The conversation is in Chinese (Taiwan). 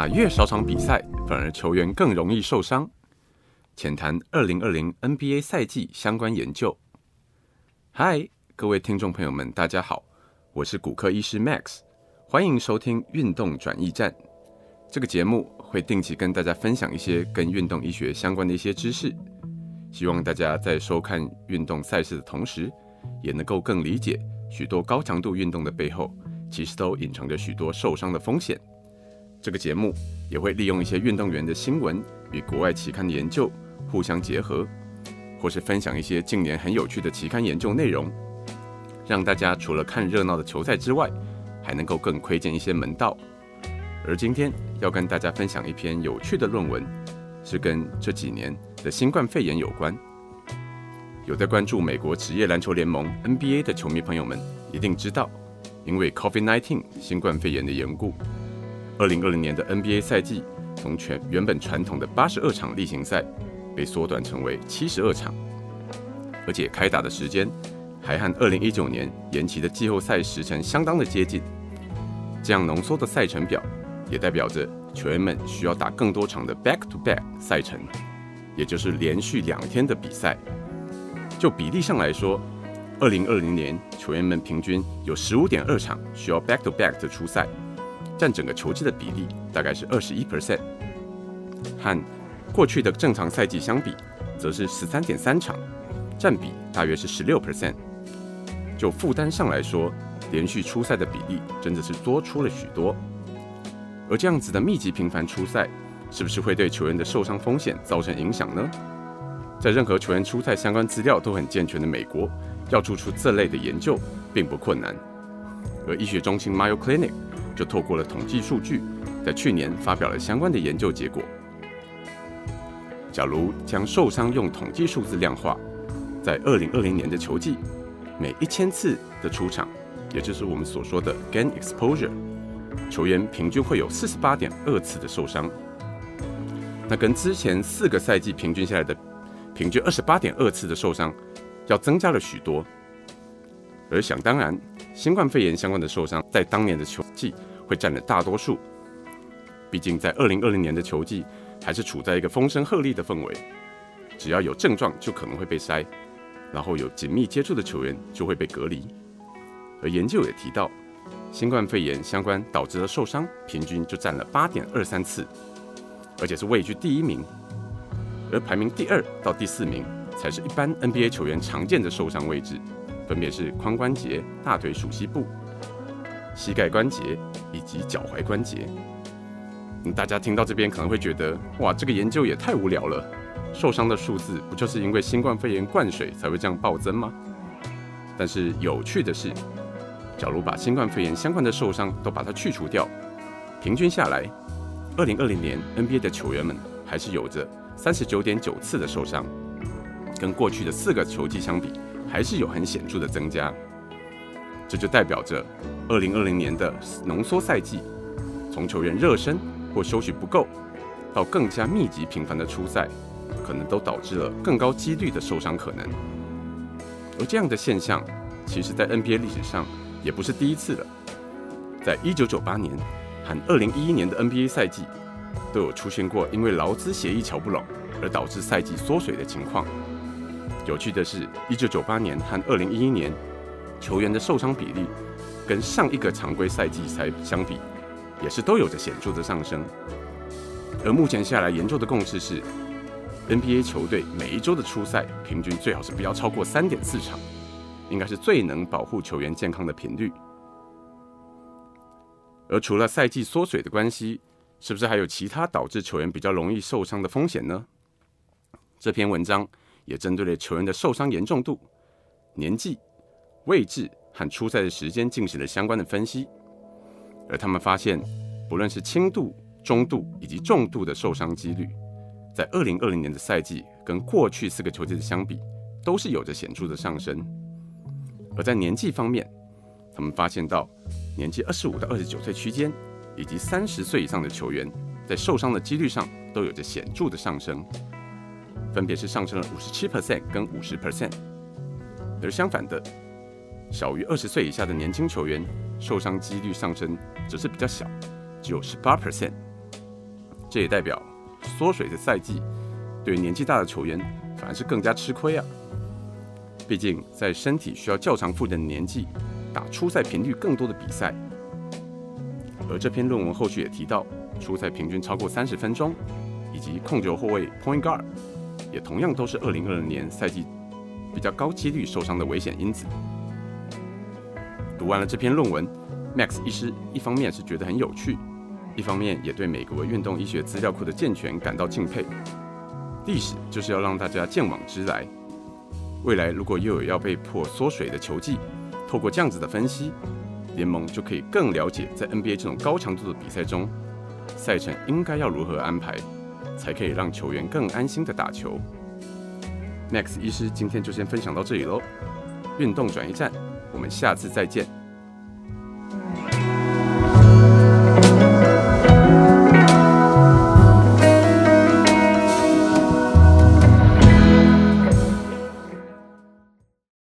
打越少場比賽，反而球員更容易受傷。淺談二零二零 NBA 賽季相關研究。嗨，各位聽眾朋友們，大家好，我是骨科醫師 Max，歡迎收聽《運動轉驛站》。這個節目會定期跟大家分享一些跟運動醫學相關的一些知識，希望大家在收看運動賽事的同時，也能夠更理解許多高強度運動的背後，其實都隱藏着許多受傷的風險。這個節目也會利用一些運動員的新聞與國外期刊的研究互相結合，或是分享一些近年很有趣的期刊研究內容，讓大家除了看熱鬧的球賽之外，還能夠更窺見一些門道。而今天要跟大家分享一篇有趣的論文，是跟這幾年的新冠肺炎有關。有在關注美國職業籃球聯盟 NBA 的球迷朋友們一定知道，因為 COVID-19 新冠肺炎的緣故。二零二零年的 NBA 賽季，從全原本傳統的八十二場例行賽，被縮短成為七十二場，而且開打的時間還和二零一九年延期的季後賽時程相當的接近。這樣濃縮的賽程表，也代表着球員們需要打更多場的 back to back 賽程，也就是連續兩天的比賽。就比例上來說，二零二零年球員們平均有十五點二場需要 back to back 的出賽。佔整個球季的比例大概是二十一 percent，和過去的正常賽季相比，則是十三點三場，佔比大約是十六 percent。就負擔上來說，連續出賽的比例真的是多出了許多。而這樣子的密集頻繁出賽，是不是會對球員的受傷風險造成影響呢？在任何球員出賽相關資料都很健全的美國，要做出，出這類的研究並不困難。而醫學中心 Mayo Clinic。就透過了統計數據，在去年發表了相關的研究結果。假如將受傷用統計數字量化，在二零二零年的球季，每一千次的出場，也就是我們所說的 game exposure，球員平均會有四十八點二次的受傷。那跟之前四個賽季平均下來的平均二十八點二次的受傷，要增加了許多。而想當然，新冠肺炎相關的受傷，在當年的球季，會占了大多數，畢竟在二零二零年的球季還是處在一個風聲鶴唳的氛圍，只要有症狀就可能會被篩，然後有緊密接觸的球員就會被隔離。而研究也提到，新冠肺炎相關導致的受傷平均就占了八點二三次，而且是位居第一名，而排名第二到第四名才是一般 NBA 球員常見的受傷位置，分別是髖關節、大腿、鼠蹊部。膝蓋關節以及腳踝關節，大家聽到這邊可能會覺得，哇，這個研究也太無聊了。受傷的數字不就是因為新冠肺炎灌水才會這樣暴增嗎？但是有趣的是，假如把新冠肺炎相關的受傷都把它去除掉，平均下來，2020年 NBA 的球員們還是有着39.9次的受傷，跟過去的四個球季相比，還是有很顯著的增加。這就代表着，2020年的濃縮賽季，從球員熱身或休息不夠，到更加密集頻繁的出賽，可能都導致了更高幾率的受傷可能。而這樣的現象，其實，在 NBA 歷史上也不是第一次了。在1998年和2011年的 NBA 賽季，都有出現過因為勞資協議喬不攏而導致賽季縮水的情況。有趣的是，1998年和2011年。球員的受傷比例跟上一個常規賽季才相比，也是都有着顯著的上升。而目前下來研究的共識是，NBA 球隊每一周的出賽平均最好是不要超過三點四場，應該是最能保護球員健康的頻率。而除了賽季縮水的關係，是不是還有其他導致球員比較容易受傷的風險呢？這篇文章也針對了球員的受傷嚴重度、年紀。位置和出賽的時間進行了相關的分析，而他們發現，不論是輕度、中度以及重度的受傷幾率，在二零二零年的賽季跟過去四個球季的相比，都是有着顯著的上升。而在年紀方面，他們發現到年紀二十五到二十九歲區間以及三十歲以上的球員，在受傷的幾率上都有着顯著的上升，分別是上升了五十七 percent 跟五十 percent，而相反的。小於二十歲以下的年輕球員受傷幾率上升，只是比較小，只有十八 percent。這也代表縮水的賽季對於年紀大的球員反而是更加吃虧啊！畢竟在身體需要較長負擔的年紀，打出賽頻率更多的比賽。而這篇論文後續也提到，出賽平均超過三十分鐘，以及控球後衛 point guard，也同樣都是二零二零年賽季比較高幾率受傷的危險因子。讀完了這篇論文，Max 醫師一方面是覺得很有趣，一方面也對美國運動醫學資料庫的健全感到敬佩。歷史就是要讓大家鑑往知來。未來如果又有要被迫縮水的球季，透過這樣子的分析，聯盟就可以更了解在 NBA 這種高強度的比賽中，賽程應該要如何安排，才可以讓球員更安心的打球。Max 醫師今天就先分享到這裡嘍，運動轉驛站，我們下次再見。